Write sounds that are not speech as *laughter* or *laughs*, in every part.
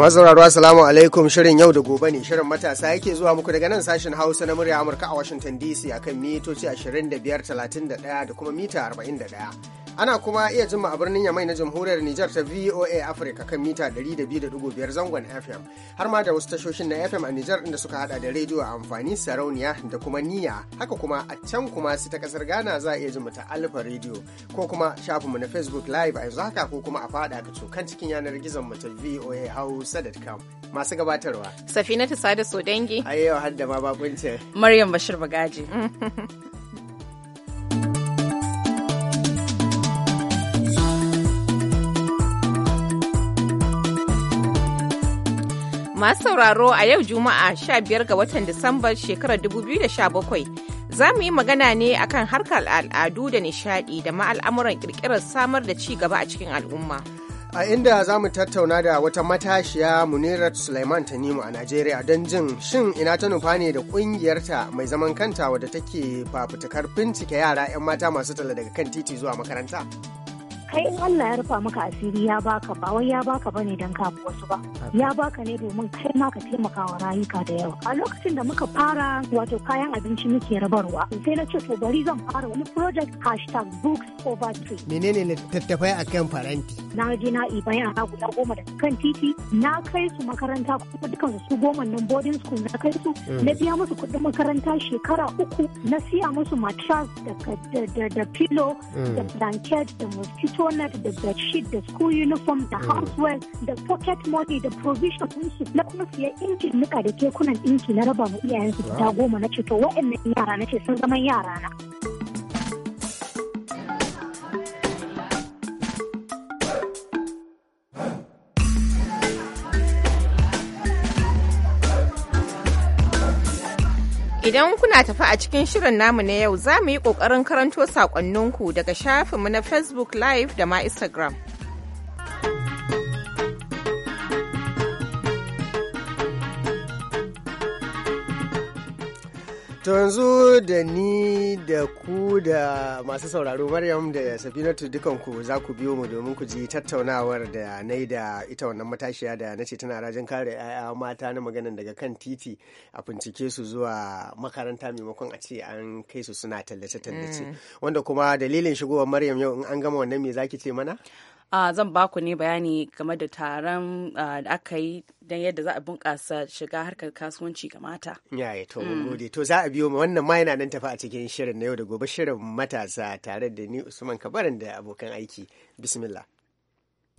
Masauraro salamu alaikum shirin yau da gobe ne shirin matasa yake zuwa muku daga nan sashen Hausa na murya Amurka a Washington DC akan mitoci 25, 31 da kuma mita 41. Ana kuma iya jima a birnin Yamai na Jamhuriyar Nijar ta VOA Africa kan mita 102.5 zangon FM har ma da wasu tashoshin na FM a Nijar inda suka hada da rediyo a amfani sarauniya da kuma niya haka kuma a can kuma su ta kasar Ghana za a iya mu ta Alfa rediyo ko kuma shafinmu na Facebook Live a yanzu haka ko kuma a fada ka cokan cikin yanar gizon mu ta VOA Hausa.com masu gabatarwa. Safina ta sada so dangi. da hadda ma bakuncin. Maryam Bashir Bagaji. *laughs* Masu sauraro a yau Juma'a 15 ga watan Disambar shekarar 2017 za mu yi magana ne akan harkar al'adu da nishadi da ma'al'amuran kirkirar samar da ci gaba a cikin al'umma. a inda za mu tattauna da wata matashiya munirat suleiman tanimu a najeriya don jin shin ina ta nufa ne da kungiyarta mai zaman kanta wadda take fafutukar bincike yara 'yan mata masu tala daga kan titi zuwa makaranta kai in Allah ya rufa maka asiri ya baka ba wai ya baka bane dan ka wasu ba ya baka ne domin kai ma ka taimaka wa rayuka da yawa a lokacin da muka fara wato kayan abinci muke rabarwa sai na ce to bari zan fara wani project hashtag books over tree menene a akan faranti na je na iba na guda goma da kan titi na kai su makaranta kuma dukansu su goma nan boarding school na kai su mm. na biya musu kuɗin makaranta shekara uku na siya musu matras da da pillow mm. da blanket da mosquito toilet da bedsheet da school uniform da mm. houseware da pocket money da provision ɗinsu na kuma siya injin nika da kekunan ɗinki na raba mu iyayensu da goma na ce to yara na ce sun zama yara na. Idan kuna tafi a cikin shirin namu na yau za mu yi ƙoƙarin karanto saƙonninku daga shafinmu na Facebook Live da ma Instagram. To yanzu da ni da ku da masu sauraro Maryam da Safinatu dukanku za ku biyo mu domin ku ji tattaunawar da na yi da ita wannan matashiya da na ce tana rajin kare 'ya'ya mata na maganan daga kan titi a bincike su zuwa makaranta maimakon a ce an kai su suna tallace-tallace. Mm. Wanda kuma dalilin shigowar Maryam yau in an gama wannan me zaki ce mana? Uh, zan ba ku ne bayani game da taron uh, da aka yi don yadda za a bunƙasa shiga harkar kasuwanci ga mata. Yaye, to mun mm. gode. To za a biyo wannan ma yana nan tafi a cikin shirin na yau da gobe shirin matasa tare da ni Usman Kabaran da abokan aiki. Bismillah.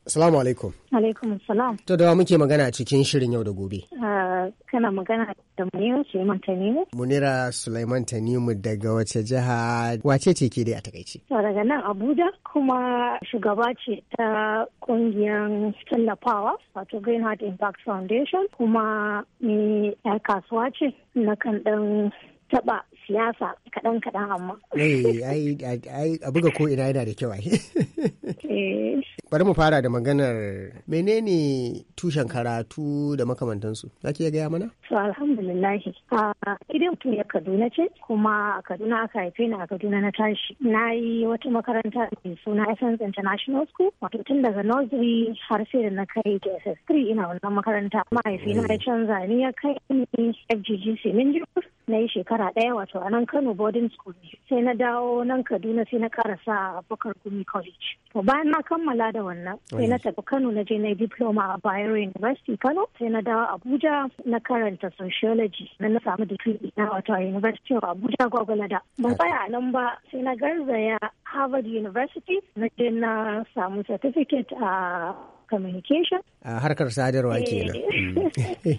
Assalamu alaikum. Alaikum salam. To da muke magana cikin shirin yau da gobe. Ah, kana magana da Munira Suleiman Tanimu. Munira Suleiman Tanimu daga wace jiha wace ce ke dai a takaice? To daga nan Abuja kuma shugaba ce ta kungiyar tallafawa wato Green Heart Impact Foundation kuma ni kasuwa ce na kan dan taba siyasa kaɗan kaɗan amma. Eh, ai, a buga ko ina yana da kyau ai. *laughs* Eh. Bari mu fara da maganar menene tushen karatu da makamantansu. Za ki gaya mana? To alhamdulillahi. Idan mutum ya Kaduna ce kuma a Kaduna aka haife ni a Kaduna na tashi. Na yi wata makaranta mai suna Essence International School. Wato tun daga nursery har sai da na kai ga SS3 ina wannan makaranta. Mahaifina ya eh. canza ni ya kai ni FGG Minjibus. na yi shekara ɗaya wato a nan kano boarding school ne sai na dawo nan kaduna sai na karasa bakar gumi college to bayan na kammala da wannan sai na tafi kano na je na yi diploma a bayero university kano sai na dawo abuja na karanta sociology na na samu digiri na wato a university of abuja gwagwalada ban tsaya a nan ba sai na garzaya harvard university na je na samu certificate a communication a harkar sadarwa eh. kenan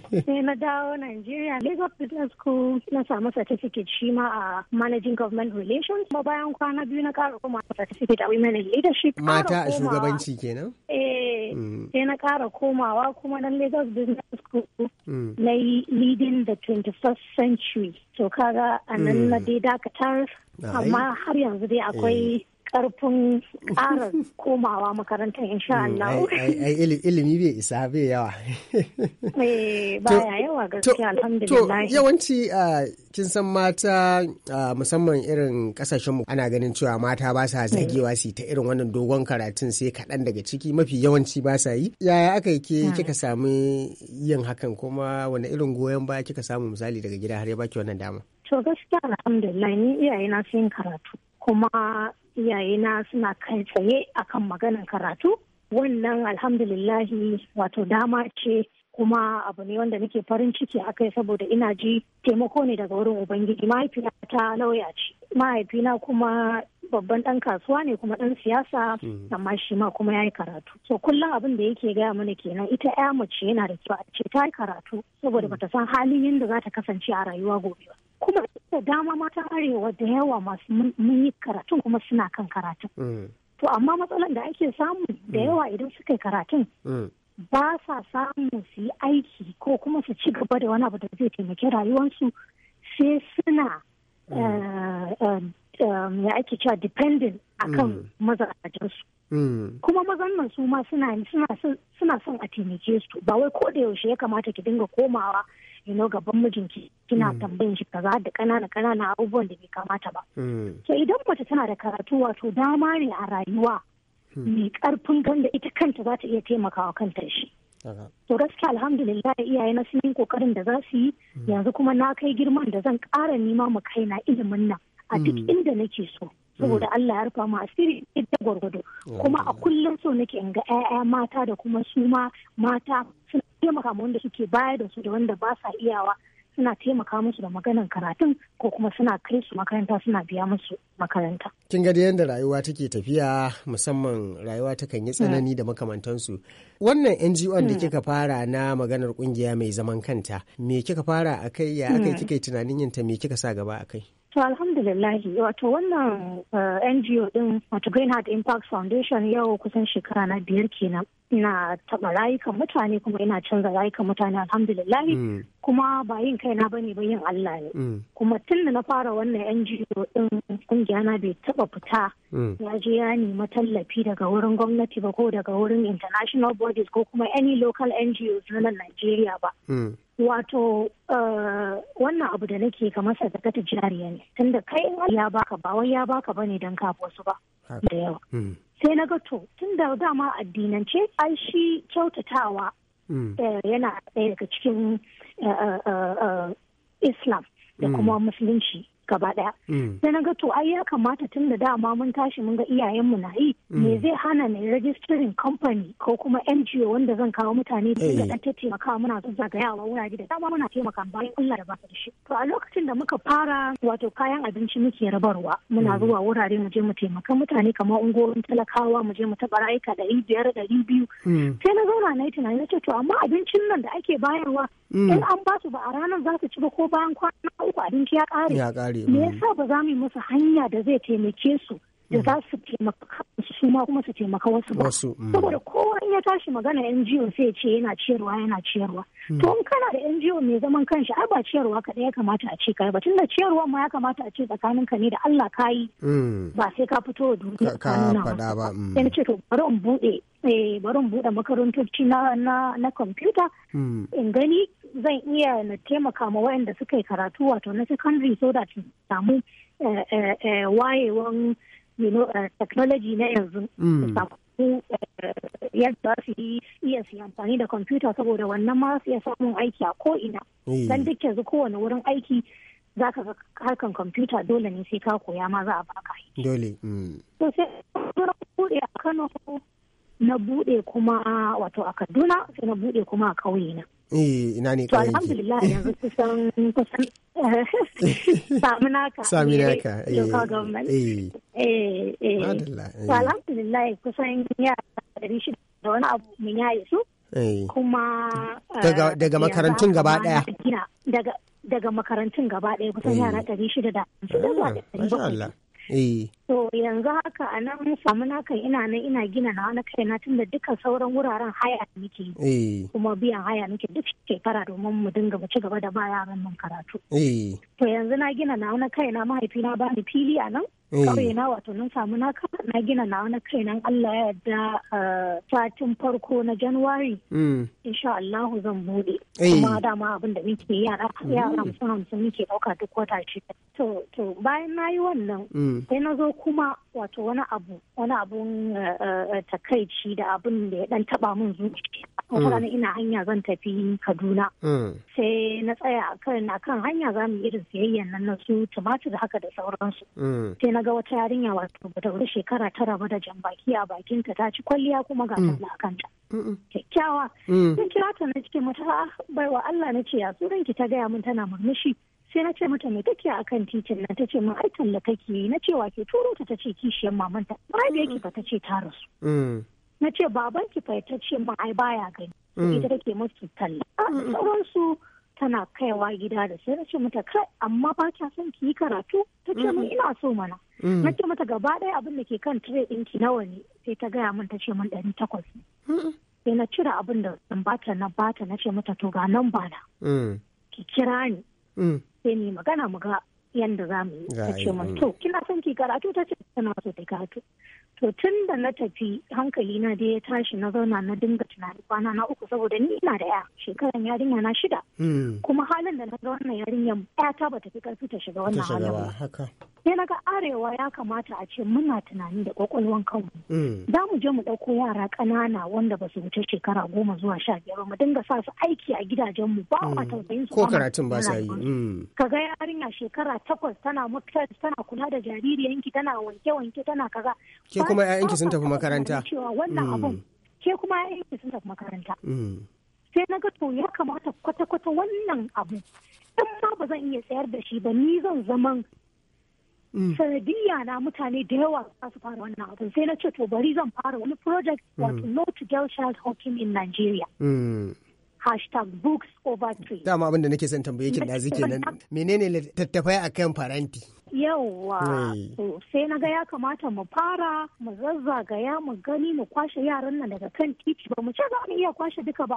*laughs* sai na dawo Nigeria Lagos Business School na samu certificate shi ma a managing government relations ma bayan kwana biyu na ƙara koma certificate a women in leadership mata a shugabanci kenan eh mm. sai na ƙara komawa kuma na Lagos Business School mm. na yi leading the 21st century to kaga a nan mm. na dai dakatar amma har yanzu dai akwai eh. karfin ƙara komawa makarantar insha mm, Allah. Ai ilimi bai isa bai yawa. *laughs* Eh, baya yawa gaskiya alhamdulillah. yawanci uh, kin san mata uh, musamman irin kasashen mu ana ganin cewa mata ba sa zagewa su ta irin wannan dogon karatun sai kaɗan daga ciki mafi yawanci ba sa yi. Yaya aka yi ke hmm. kika samu yin hakan kuma wani irin goyon baya kika samu misali daga gida har ya baki wannan dama? To gaskiya alhamdulillah ni iyayena sun karatu. kuma iyayena suna kai tsaye akan maganan karatu wannan alhamdulillahi wato dama ce kuma abu ne wanda nake farin ciki a kai saboda ina ji taimako ne daga wurin ubangiji mahaifiyata lauya ce mahaifina kuma babban dan kasuwa ne kuma dan siyasa mm. amma shi ma kuma yayi karatu so kullum abin da yake gaya mana kenan ita ya mace yana da kyau a ce ta yi karatu saboda mm. bata san halin yadda za ta kasance a rayuwa gobe ba kuma da dama matan arewa da yawa masu mun yi karatun kuma suna kan karatun mm. to amma matsalar da ake samu da yawa idan suka yi karatun ba sa samun su yi aiki ko kuma su ci gaba da wani abu da zai taimaki rayuwarsu sai suna mm. eh, eh, eh, ya ake cewa dependent akan mm. mazajensu mm. kuma mazan nan su ma suna son a taimake su ba wai ko da yaushe ya kamata ki dinga komawa you gaban mijinki kina tambayin shi kaza da kanana kanana abubuwan da bai kamata ba so idan mace tana da karatu wato dama ne a rayuwa Hmm. mai karfin kanta ita kanta za ta iya taimakawa kanta shi to gaskiya alhamdulillah iyaye na sun yi kokarin da za su yi hmm. yanzu kuma na kai girman da zan ƙara nema mu kaina ilimin nan a duk hmm. inda nake so saboda Allah ya rufa mu asiri da gwargwado kuma a kullum so nake in ga 'ya'ya mata da kuma su ma mata suna taimaka wanda suke baya da su da wanda ba sa iyawa suna taimaka musu da maganan karatun ko kuma suna kai su makaranta suna biya musu makaranta. Kin ga yadda rayuwa take tafiya musamman rayuwa ta kan yi tsanani hmm. da makamantansu. Wannan NGO da hmm. kika fara na maganar kungiya mai zaman kanta, me kika fara akai ya akai hmm. kika tunanin yinta me kika sa gaba akai? To alhamdulillahi wato wannan eh, NGO din wato Green Heart Impact Foundation yau kusan shekara na biyar kenan. Ina taɓa rayukan mutane kuma ina canza rayukan mutane alhamdulillahi mm. kuma ba yin kaina ba ne ba yin Allah ne. Mm. Kuma tun da na fara wannan NGO din kungiya na bai taɓa fita mm. ya je ya nemi tallafi daga wurin gwamnati ba ko daga wurin international bodies ko kuma any local NGOs na nan Najeriya ba. wato eh, wannan abu da nake kamar sadakatu jariya ne tunda kai in ya baka ba wai ya baka bane dan ka wasu ba da yawa hmm. sai na ga to da dama addinance ai shi kyautatawa hmm. eh, yana ɗaya daga cikin eh, islam da hmm. kuma musulunci gaba daya mm. sai na ga to ai ya kamata tun da dama mun tashi mun ga iyayenmu na yi mm. me zai hana ne registering company ko kuma NGO wanda zan kawo mutane da ga dan eh. taimaka muna son zagayawa wurare da dama muna taimaka bayan Allah da ba da shi to a lokacin da muka fara wato kayan abinci muke rabarwa muna mm. zuwa wurare mu je mu taimaka mutane kamar ungorin talakawa mu je mu taɓa rayuka ɗari biyar ɗari biyu sai na zauna na yi tunani na ce to amma abincin nan da ake bayarwa in an ba su ba a ranar za su ci ba ko bayan kwana uku abinci ya ƙare me yasa ba za mu yi musu hanya da zai taimake su da mm. za su taimaka su ma kuma su taimaka wasu ba mm. saboda kowa in ya tashi magana NGO sai ce yana ciyarwa yana ciyarwa mm. to in kana da NGO mai zaman kanshi ai ba ciyarwa kaɗai ya kamata a ce kai ba tunda ciyarwa ma ya kamata a ce tsakanin ka ne da Allah ka yi. ba sai ka fito da duniya ka faɗa ba sai ce to bari in buɗe eh, bari in buɗe makarantoci na na kwamfuta in gani zan iya na taimaka ma waɗanda suka yi karatu wato na secondary so that samu eh, eh, wayewan you uh, technology na yanzu mm. uh, su yadda su iya su amfani da kwamfuta saboda wannan ma su iya samun aiki a ko'ina mm. dan duk yanzu kowane wurin aiki za ka ga harkan kwamfuta dole ne sai ka koya ma za a baka dole mm. to sai na bude a kano na bude kuma wato a kaduna sai na bude kuma a ƙauye na Eh, ina ne kawai alhamdulillah yanzu kusan kusan *laughs* saminaka. Saminaka. Eh. Eh, eh. eh. kusan ɗari abu mun eh. Kuma daga eh, makarantun gaba ɗaya. Daga makarantun gaba ɗaya kusan yara To yanzu haka a nan samu samu kan ina nan ina gina na wani kaina tun da dukkan sauran wuraren haya muke. Eh. Kuma biyan haya nake duk shekara domin mu dinga mu ci gaba da ba yaran nan karatu. Eh. To yanzu na gina na wani kaina mahaifina ba ni fili a nan. Eh. Kauye na wato nan samu na na gina na wani nan Allah ya yarda satin farko na Januwari. Hmm. Insha Allahu zan bude. Kuma dama abin da muke yara yara hamsin hamsin muke ɗauka duk wata shida. To to bayan na yi wannan hmm. sai na zo kuma wato wani abu wani abun eh, eh, takaici da abun da ya dan taba min zuciya wata mm. ina hanya zan tafi kaduna mm. sai na tsaya akan akan hanya za mu irin siyayyan nan na su tumatir haka da sauransu mm. sai na ga wata yarinya wato ba wuri shekara tara ba da jan baki a bakinta ta ci kwalliya kuma ga talla a kanta kyakkyawa sun kira ta na cikin mata ah, baiwa Allah na ce ya suran ta gaya mun tana murmushi sai na ce mata me take a kan titin nan ta ce min ai talla take yi na ce ke turo ta ta ce kishiyar mamanta da yake ba ta ce ta rasu mm. na ce baban ki fa ta ce min ai baya gani mm. ita take musu talla sauransu tana kaiwa gida da sai na ce mata kai amma ba ta son ki yi karatu ta ce min ina so mana mm. na ce mata gaba ɗaya abin da ke kan tire dinki. nawa ne sai ta gaya min ta ce min ɗari takwas sai na cire abin da bata na bata na ce mata to ga nan bana ki kira ni Mm. sai ni magana mu ga yadda za mu yi ta ce mun mm. to kina son ki karatu ta ce tana so ta karatu to tun da na tafi hankali na da ya tashi na zauna na dinga tunani kwana na uku saboda ni ina da ya shekaran yarinya na shida mm. kuma halin da na ga wannan yarinyar ya ta bata fi karfi ta shiga wannan halin sai na ga arewa ya kamata a ce muna tunani da kwakwalwan kanmu mm. za mu je mu ɗauko yara ƙanana wanda ba su wuce shekara goma zuwa sha biyar mu dinga sa su aiki a gidajenmu ba a mm. tausayin su ko karatun ba sa yi mm. ka ga yarinya shekara takwas tana mutar tana kula da jaririyanki tana wanke wanke tana kaza ke kuma 'ya'yanki sun tafi makaranta cewa wannan abun ke kuma 'ya'yanki sun tafi makaranta sai na ga to ya kamata kwata kwata wannan abu in ma ba zan iya tsayar da shi ba ni zan zaman Mm. sanadiyya na mutane da yawa za su fara wannan abin sai na ce to bari zan fara wani project mm. wato no to girl child hawking in Nigeria. Mm. hashtag books over three. Dama abin nake son tambaye kin da zike nan *laughs* menene littattafai akan faranti? Yawwa, sai na ga ya kamata mu fara mu zazzagaya mu gani mu kwashe yaran nan daga kan titi ba mu ce za mu iya kwashe duka ba.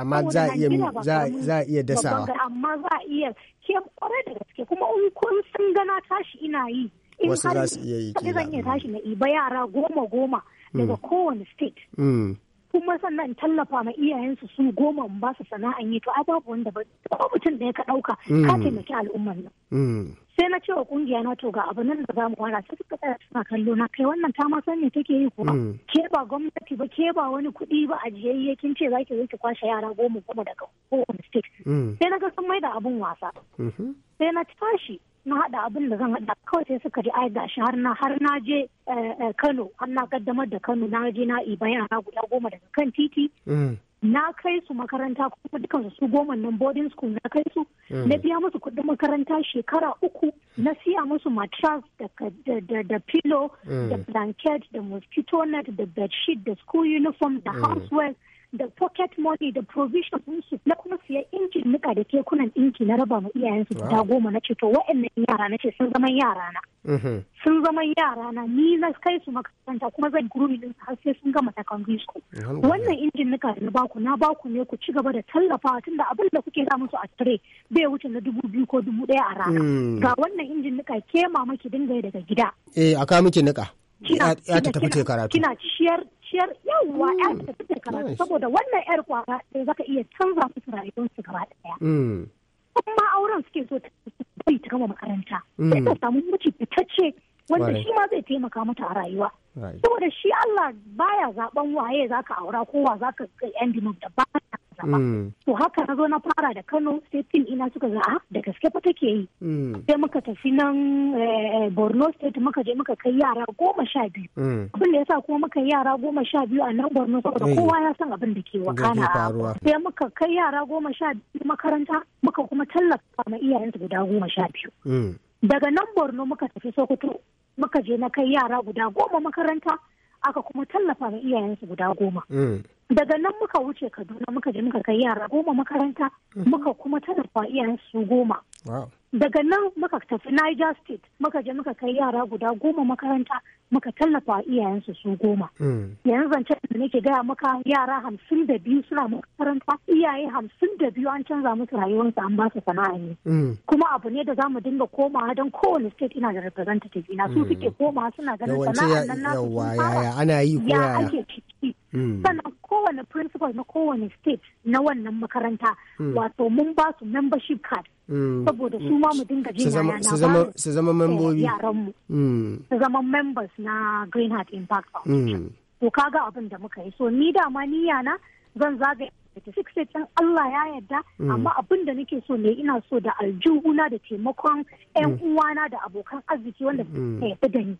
amma za a iya dasawa. Amma za a iya ke kware da gaske kuma in kun sun gana tashi ina yi. Wasu za su iya yi kila. Zan iya mm. tashi na iba yara goma goma mm. daga kowane state. Mm. kuma sannan tallafa ma iyayensu su goma ba su sana'an yi to ai babu wanda ba ko mutum da ya ka ɗauka ka taimaki al'ummar nan. sai na cewa kungiya na to ga abu nan da mu fara sai suka tsaya suna kallo na kai wannan ta ma san me take yi kuwa mm. ke ba gwamnati ba ke ba wani kuɗi ba ya kin ce zaki zo ki kwashe yara goma goma daga kowane state mm. sai na ga sun maida abun wasa mm-hmm. sai na tashi na haɗa abin da zan haɗa kawai sai suka ji ai gashi har na har na je eh, eh, Kano har na kaddamar da Kano na je na iba yara guda goma daga kan titi mm. na kai su makaranta kuma dukkan su goma nan boarding school na kai su mm. na biya musu kuɗin makaranta shekara uku mm. na siya musu matras da pillow mm. da blanket da mosquito net da bedsheet da school uniform da housewares. da pocket money da provision sun na kuma siya injin nika da kekunan ɗinki na raba ma iyayensu ta goma na ceto to wa'annan yara na ce sun zaman yara na. Mm-hmm. Sun zama yara na ni na kai su makaranta kuma zan gurumi din har sai sun gama secondary school. Wannan injin nika da na baku na baku ne ku ci gaba da tallafawa tunda abin da kuke samu musu a tire bai wuce na dubu biyu ko dubu ɗaya a rana. Mm. Ga wannan injin nika ke mamaki dinga daga gida. Eh aka miki nika. ta kina ciyar zuciyar yawwa ya ta mm. tafi da karatu saboda wannan yar kwara sai zaka iya canza musu su gaba daya mm. kuma auren suke so ta bai ta gama makaranta mm. sai ta samu muci fitacce wanda shi ma zai taimaka mata a rayuwa saboda shi Allah baya zaben waye zaka aura ko wa zaka kai ending da baya ba mm. to haka na zo na fara da Kano sai team ina suka za'a ah, da gaske fa take yi mm. sai muka tafi nan eh, eh, Borno state muka je muka kai yara goma sha biyu mm. abin da ya sa kuma muka yara goma sha biyu a nan Borno saboda kowa ya san abin da ke kana. sai muka kai yara goma sha biyu makaranta muka kuma tallafa ma iyayensu guda goma sha biyu daga nan Borno muka tafi Sokoto muka je na kai yara guda goma makaranta aka kuma tallafa ma iyayensu guda goma. daga nan muka wuce kaduna muka je muka kai yara goma makaranta mm-hmm. muka kuma tallafa iyayen su goma daga nan muka tafi niger state muka je muka kai yara guda goma makaranta muka tallafa iyayen su su goma mm. yanzu zance da nake gaya maka yara hamsin da biyu suna makaranta iyaye hamsin da biyu an canza musu rayuwarsu an ba su sana'a ne mm. kuma abu ne da za mu dinga komawa don kowane state ina da representative ina su mm. suke komawa suna ganin sana'a nan nasu ana yi ko yaya Mm. sannan kowane principal na kowane state na wannan makaranta mm. wato mun ba su membership card mm. saboda su ma mu dinga jin yana na su zama eh, membobi yaran su zama members na Green Heart Impact Foundation to kaga abin da muka yi so ni da ma ni yana zan zagaya six states ɗin Allah ya yarda amma abin da nake so ne ina so da aljuhuna da taimakon yan uwana da abokan arziki wanda suka yarda da ni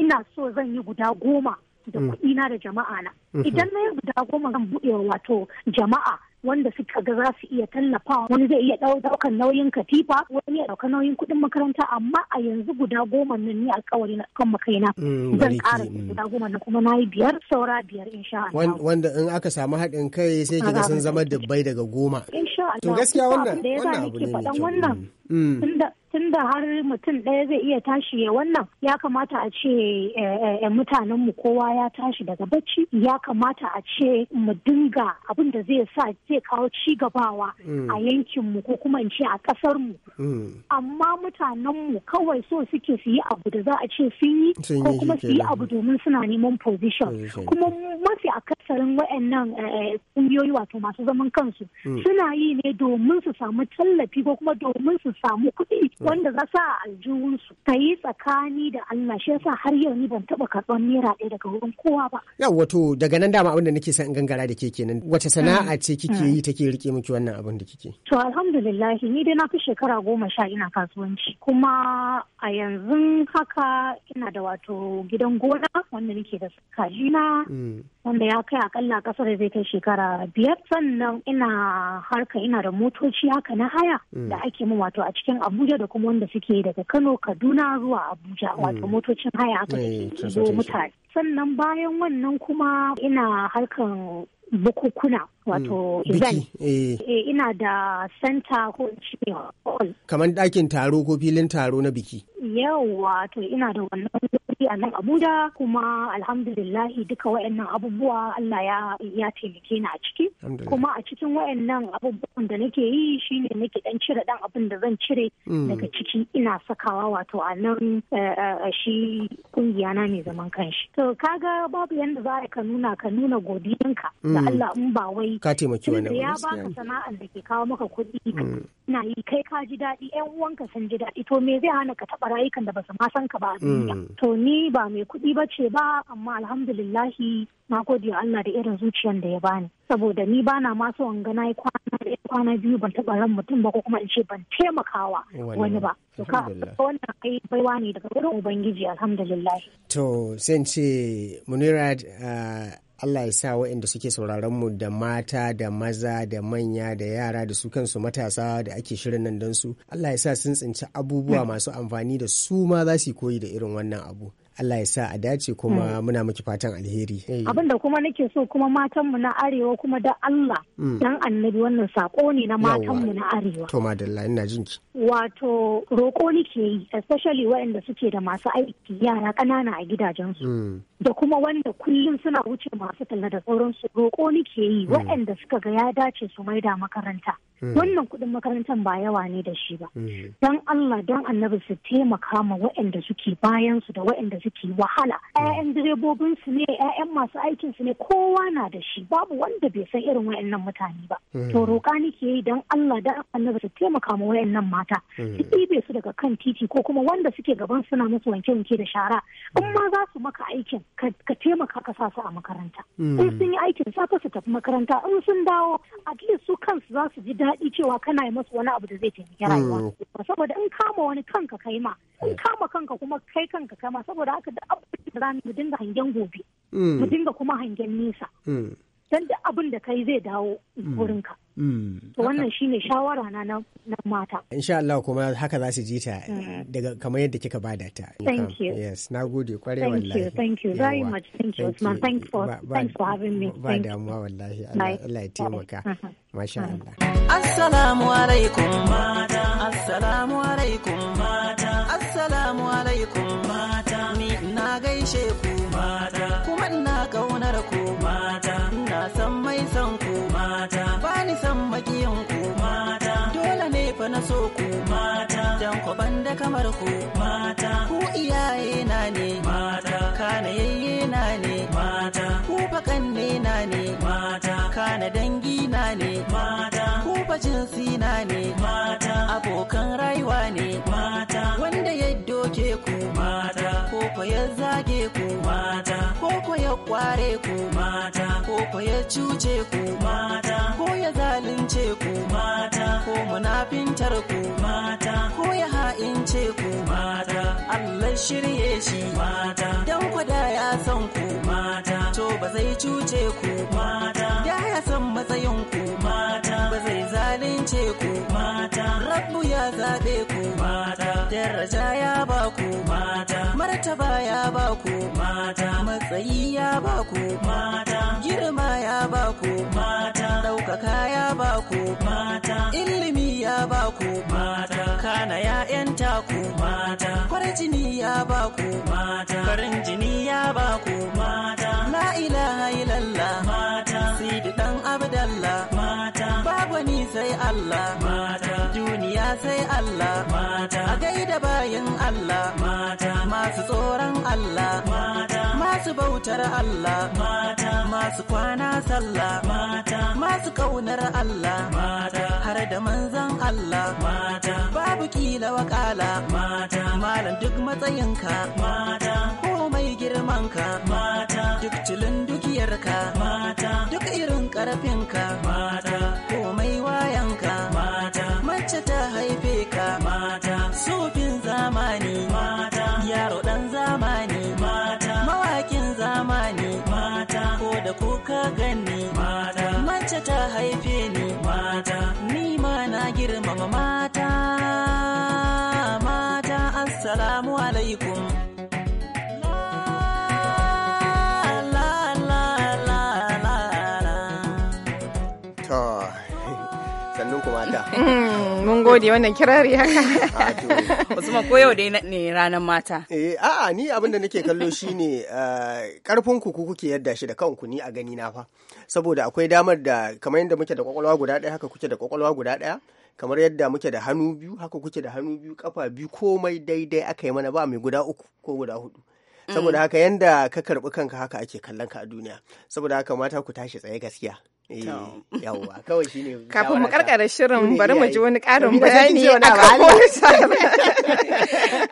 ina so zan yi guda goma da mm. kuɗi na da jama'a na mm-hmm. idan na yi guda goma zan buɗe wato jama'a wanda suka ga za su iya tallafawa wani zai iya ɗaukan nauyin katifa wani ya ɗauka nauyin kuɗin makaranta amma a yanzu guda goma nan ni alkawari na kan makaina mm, zan ƙara mm. guda goma na kuma na yi biyar saura biyar sha Allah wanda in aka samu haɗin kai sai kiga sun zama dubbai daga goma sha Allah to gaskiya wannan wannan abu ne mai kyau tunda har mutum ɗaya zai iya tashi ya wannan ya kamata a ce eh, eh, mutanen mu kowa ya tashi daga bacci ya kamata a ce mu dinga abin da zai sa zai kawo ci gabawa mm. a yankin mu ko kuma in ce a kasar mu mm. amma mutanen mu kawai so suke su yi abu da za a ce sun yi ko kuma su yi abu domin suna neman position kuma mafi akasarin waɗannan eh, ƙungiyoyi wato masu zaman kansu mm. suna yi ne domin su samu tallafi ko kuma domin su samu kuɗi da za sa aljihunsu ta yi tsakani da Allah shi yasa har yau ni ban taba karɓar naira ɗaya daga wurin kowa ba. Yau wato daga nan dama abin da nake san gangara da ke kenan wace sana'a ce mm. kike yi take rike miki wannan abin da kike. To alhamdulillah ni dai na fi shekara goma sha ina kasuwanci kuma a yanzu haka ina da wato gidan gona wanda nake da kajina mm. wanda ya kai akalla kasar zai kai shekara biyar sannan ina harka ina da motoci haka na haya mm. da ake min wato a cikin Abuja da kuma wanda suke daga Kano Kaduna zuwa Abuja mm. wato motocin haya haka da eh, zo mutane. Sannan bayan wannan kuma ina harkan bukukuna wato mm. event eh. Eh, ina da center ko hall kamar dakin taro ko filin taro na biki yawa to ina da wannan kuɗi a nan Abuja kuma alhamdulillahi duka wayannan abubuwa Allah ya taimake ni a ciki kuma a cikin wayannan abubuwan da nake yi shine nake dan cire dan abin da zan cire mm. daga ciki ina sakawa wato a nan eh, eh, shi kungiya na mai zaman kanshi to kaga babu yanda za ka nuna ka nuna godiyanka da mm. Allah in ba wai ka taimaki wani ya baka sana'ar da ke kawo maka kuɗi mm. na yi kai ka ji daɗi yan uwanka sun ji daɗi to me zai hana ka taɓa rayukan da ba su ma san ka ba a duniya mm. to ni ba mai kuɗi ba ce ba amma alhamdulillahi na gode wa Allah da irin zuciyar da ya bani saboda ni bana ma so in ga nayi kwana da kwana biyu ban taɓa ran mutum ba ko kuma in ce ban taimakawa wani ba to ka wannan kai baiwa ne daga wurin ubangiji alhamdulillah to sai ce munira uh, Allah ya sa waɗanda suke sauraron mu da mata da maza da manya da yara da su kansu matasa da ake shirin nan don su Allah ya sa sun tsinci abubuwa hmm. masu amfani da su ma za su koyi da irin wannan abu Allah ya sa a dace kuma hmm. muna miki fatan alheri. Abin da kuma nake so kuma matanmu na arewa kuma da Allah hmm. dan annabi wannan sako ne na matanmu na arewa. To madalla ina jin ki. Wato roko nake yi especially waɗanda suke da masu aiki yara ƙanana a gidajensu. Hmm. Da kuma wanda kullum suna wuce masu talla da sauransu roko nake yi waɗanda suka ga ya dace su maida makaranta. Wannan kuɗin makarantar ba yawa ne da shi ba. Don Allah don annabi su taimaka ma waɗanda suke bayan su da waɗanda ciki wahala mm. ƴaƴan direbobin su ne ƴaƴan masu aikin su ne kowa na da shi babu wanda bai san irin wayannan mutane ba mm. to roƙa nake yi dan Allah da annabi su taimaka ma wayannan mata mm. su ɗibe su daga kan titi ko kuma wanda suke gaban suna musu wanke wanke da shara in ma za su maka aikin ka taimaka ka sa su a makaranta in sun yi aikin safe su tafi makaranta in sun dawo at least su kansu za su ji daɗi cewa kana yi musu wani abu da zai taimaki rayuwa saboda in kama wani kanka kai ma in kama kanka kuma kai kanka kama saboda saboda haka da abin da zamu mu dinga hangen gobe mm. mu dinga kuma hangen nisa mm. dan da abin da kai zai dawo mm. wurinka to wannan shine shawara na na mata insha Allah kuma haka za su ji ta daga kamar yadda kika bada ta thank you yes nagode kware wallahi thank you thank you very much thank you Usman you for thanks for having me ba damuwa wallahi Allah ya taimaka uh-huh. masha Allah assalamu alaikum mata assalamu alaikum mata assalamu alaikum mata ni na gaishe ku mata kuma ina kaunar ku mata ina san mai san ku mata ba ni san makiyan ku mata dole ne fa na so ku mata dan ku banda kamar ku mata ku iyaye na ne mata kana yayye na ne mata ku bakan ne na ne mata kana dangi na ne mata ku bajin sina ne mata abokan rayuwa ne mata doke ku mata ko ya zage ku mata ko ya kware ku mata ko ya cuce ku mata ko ya zalunce ku mata ko munafintar ku mata ko ya ha'ince ku mata Allah shirye shi mata dan kwada ya san ku mata to ba zai cuce ku mata ya san matsayin ku mata daraja ya ba mata martaba ya ba mata matsayi ya baku. mata girma ya baku. mata ɗaukaka ya baku. mata ilimi ya baku. mata kana ya yanta ku mata farjini ya baku. mata farin jini ya ba mata la ilaha illallah mata sidi dan abdallah mata babu ni sai Allah mata duniya sai Allah mata da bayin Allah masu tsoron Allah masu bautar Allah masu kwana sallah masu kaunar Allah har da manzan Allah babu kila wakala malam duk matsayinka mai girmanka duk cilin dukiyarka duk irin karfinka Hmm, mun gode wannan kirari haka wasu ma ko yau dai ne ranar mata eh a'a ni abin da nake kallo shi ne karfin eh, ku kuke yadda shi da kanku ni a gani na fa saboda akwai damar da kamar yadda muke da kwakwalwa guda daya haka kuke da kwakwalwa guda daya kamar yadda muke da hannu biyu haka kuke da hannu biyu kafa biyu komai daidai aka yi mana ba mai guda uku ko guda hudu saboda mm. haka yanda ka karɓi kanka haka ake kallon ka a duniya saboda haka mata ku tashi tsaye gaskiya Eh, yawwa kawai shine *laughs* kafin mu karkara shirin bari mu ji wani karin bayani a kafin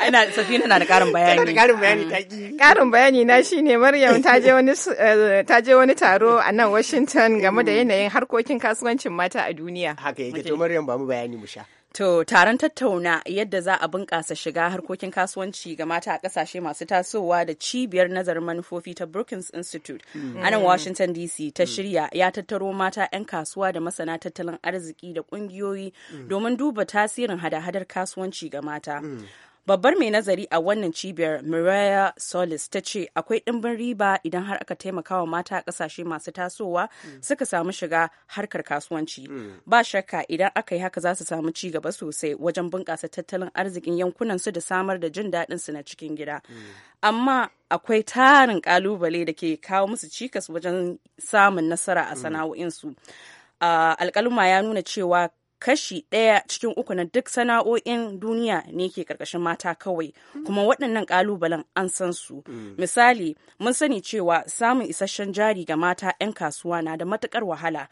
ana safina na da karin bayani karin bayani ta karin mm. bayani na shine maryam ta je wani eh, ta je wani taro a nan washington game da mm. yanayin harkokin kasuwancin mata a duniya haka yake to maryam ba mu bayani mu sha To taron tattauna yadda za a bunƙasa shiga harkokin kasuwanci ga mata a ƙasashe masu tasowa da cibiyar nazarin manufofi ta Brookings Institute a nan mm. Washington DC ta mm. shirya ya tattaro mata 'yan kasuwa da masana tattalin arziki da ƙungiyoyi mm. domin duba tasirin hada-hadar kasuwanci ga mata. Babbar mai nazari a wannan cibiyar Maria Solis ta ce akwai ɗimbin riba idan har aka taimaka wa mata ƙasashe masu tasowa mm. suka samu shiga harkar kasuwanci. Mm. Ba shakka idan aka yi haka za su samu ci gaba sosai wajen bunƙasa tattalin arzikin yankunan su da samar da jin daɗin su na cikin gida. Mm. Amma akwai tarin ƙalubale da ke kawo musu cikas wajen samun nasara a sana'o'insu. Uh, ah, alkaluma ya nuna cewa kashi ɗaya cikin uku na duk sana'o'in duniya ne ke ƙarƙashin mata kawai kuma waɗannan ƙalubalen an san su mm. misali mun sani cewa samun isasshen jari ga mata 'yan kasuwa na da matuƙar wahala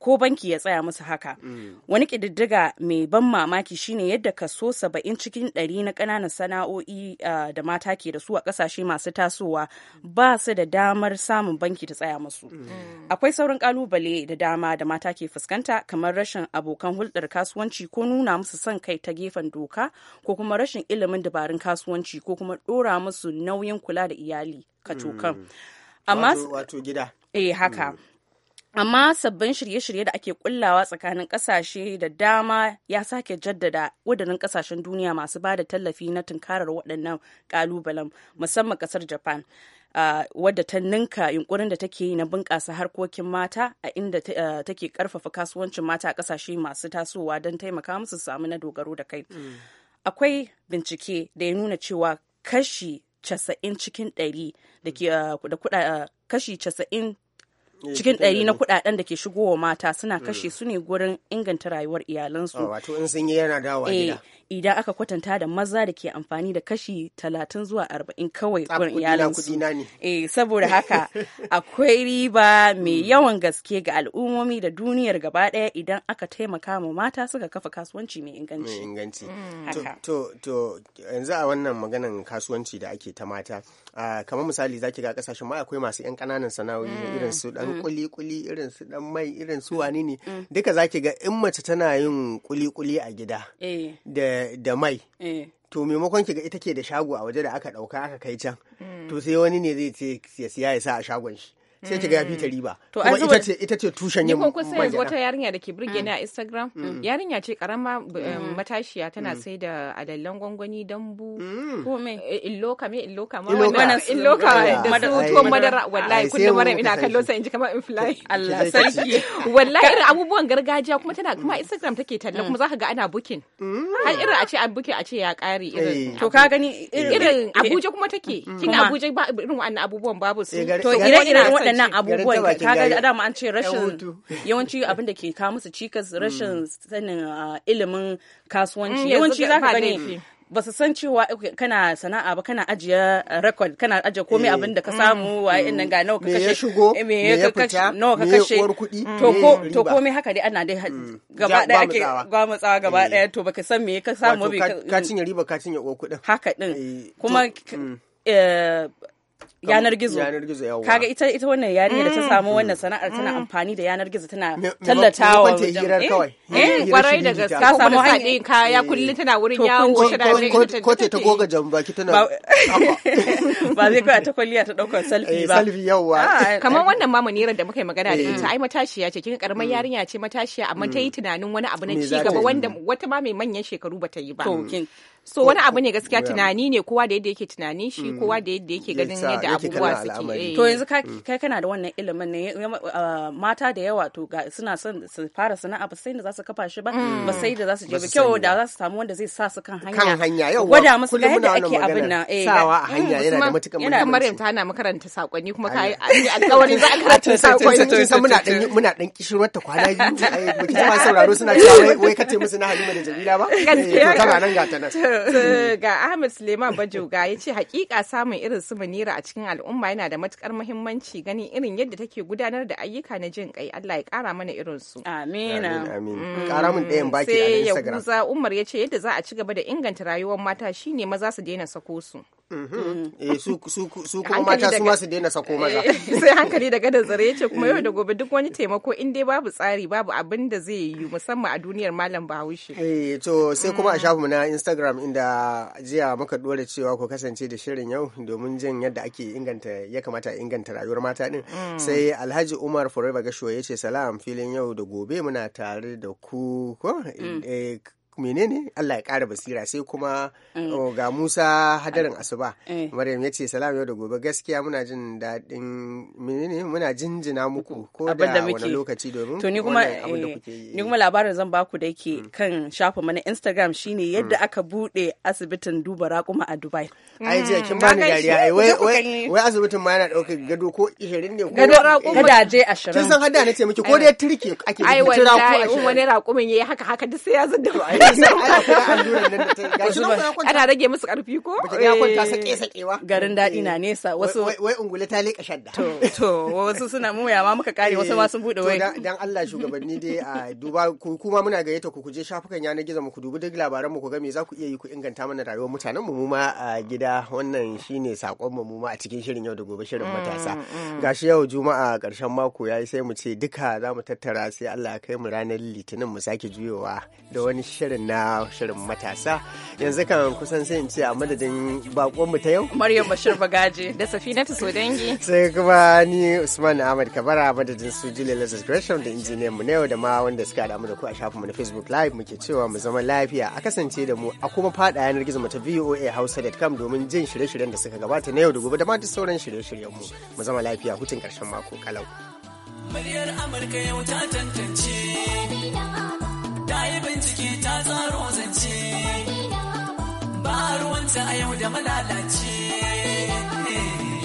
ko banki ya tsaya musu haka mm. wani ƙididdiga mai ban mamaki shine yadda kaso saba'in cikin ɗari na ƙananan sana'o'i ah, da mata ke da su a ƙasashe masu tasowa ba su da damar samun banki ta tsaya musu mm. Mm. akwai sauran ƙalubale da dama da mata ke fuskanta kamar rashin abokan hulɗar kasuwanci ko nuna musu son kai ta gefen doka ko kuma rashin ilimin dabarun kasuwanci ko kuma ɗora musu nauyin kula da iyali mm. amma wato gida eh haka mm. amma sabbin shirye-shirye da ake kullawa tsakanin kasashe da dama ya sake jaddada wadannan kasashen duniya masu ba da tallafi na tunkarar waɗannan kalubalen musamman kasar japan Uh, wadda ta ninka yunkurin da take yi na bunƙasa harkokin mata a inda take karfafa kasuwancin mata a ƙasashe masu tasowa don taimaka musu samu na dogaro da kai mm. akwai bincike da ya nuna cewa kashi casa'in cikin ɗari da kashi casa'in Eh, cikin ɗari na kuɗaɗen da ke shigowa mata suna mm. kashe su ne gurin inganta rayuwar iyalansu. Ah, wato in sun yi yana dawowa eh, gida. Idan aka kwatanta da maza da ke amfani da kashi talatin zuwa arba'in kawai ah, gurin iyalansu. Eh saboda *laughs* haka akwai riba mai mm. yawan gaske ga al'ummomi da duniyar gaba ɗaya idan aka taimaka ma mata suka kafa kasuwanci mai inganci. inganci. Mm, to to yanzu a wannan maganan kasuwanci da ake ta mata ah, kamar misali zaki ga kasashen ma akwai masu 'yan ƙananan sana'o'i irin su ɗan dan mm. kuli-kuli irin su dan mai irin su mm. wani ne mm. duka zaki ga in mace tana yin kuli a gida eh. da mai eh. to maimakon ki ga ita ke da shago a waje da aka dauka aka kai can to sai wani ne zai ce ya siya ya sa a shagon shi sai ki ga ya fita mm. riba kuma ita ce ita ce tushen yin kun kusa yanzu wata yarinya da ke burge mm. ni a Instagram mm. yarinya ce karama um, matashiya tana sai da alallan gwangwani dambu ko me eh, ka me ka ma wannan ka eh, da su tuwon eh, madara wallahi kullum maryam ina kallon sa in ji kamar in fly Allah sarki *laughs* wallahi irin abubuwan gargajiya kuma tana kuma Instagram take talla kuma zaka ga ana booking har irin a ce an booking a ce ya kare irin to ka gani irin Abuja kuma take kin Abuja ba irin wannan abubuwan babu su to ire-iren waɗannan abubuwan kaga dama an ce rashin *laughs* yawanci abin da ke kawo musu cikas mm. rashin sanin ah, ilimin kasuwanci mm, yawanci zaka gani ba su san cewa kana sana'a ba kana ajiye record kana ajiye komai eh, abin da ka mm, samu wa nan ga nawa ka kashe me ya shigo eh, me ya fita nawa ka kashe to ko to komai haka dai ana dai gaba daya ake gwamutsawa gaba daya eh. to baka san me ka samu ka cinye riba ka cinye uwar kuɗin haka din kuma yanar gizo yanar gizo yawa kaga ita ita wannan yarinya da ta mm. samu wannan sana'ar tana mm. amfani da yanar gizo tana tallatawa eh kwarai da gaske ta samu hanyar kaya kullu tana wurin yawo tana ko ta goga ki tana ba *laughs* zai kai ta kwalliya ta daukar selfie eh, ba selfie yawa ah, eh. kamar wannan mama niran da muka yi magana da eh. ita ai matashiya ce kin karamar mm. yarinya ce matashiya amma ta yi tunanin wani abu na ci gaba wanda wata ma mai manyan shekaru ba ta yi ba so wani abu ne gaskiya tunani ne kowa da yadda yake tunani shi mm. kowa da yadda yake ganin yadda abubuwa suke eh. to yanzu mm. kai kana da wannan ilimin ne mata da yawa to ga suna son su fara sana'a ba sai da za su kafa shi ba mm. ba sai da za su je ba kyau da za su samu wanda zai sa su kan hanya kan hanya yau gwada musu ga yadda ake abin nan eh sawa a hanya yana da matukar yana Maryam ta hana makaranta sakonni kuma kai alƙawarin za a karanta *laughs* sakonni sai muna dan muna dan kishirwar ta kwana biyu *laughs* ai ba sauraro suna cewa wai kace musu na Halima da Jamila ba eh, to tana nan ga ta nan ga *laughs* Ahmed Suleiman Bajoga ya ce hakika samun irin su manira a cikin al'umma yana da matukar muhimmanci ganin irin yadda take gudanar da ayyuka na jin kai Allah ya kara mana irin su. Amina. Mm. Kara mun ɗayan baki a Instagram. Sai Yahuza Umar ya ce yadda za a ci gaba da inganta rayuwar mata shine maza su daina sako su. Mm-hmm. Mm-hmm. Eh, su kuma mata su ma su daina sako maza. Eh, sai hankali da zare ya ce kuma yau mm-hmm. da gobe duk wani taimako in dai babu tsari babu abin da zai yi musamman a duniyar malam Bahaushe. Eh to sai kuma a mm. shafinmu na Instagram inda jiya muka dore cewa ku kasance da shirin yau domin jin yadda ake inganta ya kamata inganta rayuwar mata din mm. sai alhaji umar forever gashuwa ya ce salam filin yau da gobe muna tare da ku mm. eh, menene Allah ya ƙara basira sai kuma eh. oh, ga Musa hadarin asuba eh. Maryam yace salam yau da gobe gaskiya muna jin daɗin menene muna jinjina muku ko da wani lokaci domin to ni kuma eh, ni kuma labarin zan baku da yake mm. kan shafa mana Instagram shine mm. yadda aka bude asibitin duba raƙuma a Dubai mm. ai je kin bani dariya ai wai *laughs* wai asibitin ma yana ɗaukar gado ko 20 ne ko gado raƙuma gadaje 20 kin san ne nace miki ko dai turke ake ai ko wani raƙumin yayi haka haka duk sai ya zudda ana rage musu karfi ko ya kwanta eh. sake sakewa garin daɗi na eh. nesa wasu wai ungule ta leƙa shadda to wasu suna muya ma muka kare wasu ma sun bude eh. wai dan Allah shugabanni dai a duba kuma muna gayyata ku kuje shafukan yanar gizo mu ku dubi duk labaran mu ku ga me za ku iya yi ku inganta mana rayuwar mutanen mu ma a gida wannan shine sakon mu ma a cikin shirin yau da gobe shirin mm, matasa mm. gashi yau juma'a karshen mako yayi sai mu ce duka za mu tattara sai Allah ya kai mu ranar litinin mu sake juyowa da wani shirin shirin na shirin matasa yanzu kan kusan sai in ce a madadin bakonmu ta yau maryam bashir bagaje da safinatu dangi. sai kuma ni usman ahmad kabara madadin su julia lazarus gresham da injiniyan mu na yau da ma wanda suka damu da ku a shafinmu na facebook live muke cewa mu zama lafiya a kasance da mu a kuma fada yanar gizo mata voa hausa.com domin jin shirye-shiryen da suka gabata na yau da gobe da ma duk sauran shirye-shiryen mu mu zama lafiya hutun karshen mako kalau Muryar Amurka yau ta tantance. ta yi bincike ta tsaro zance ba ruwanta a yau da malalace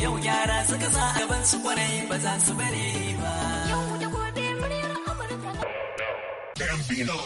yau gyara suka sa gaban su kwarai ba za su bare ba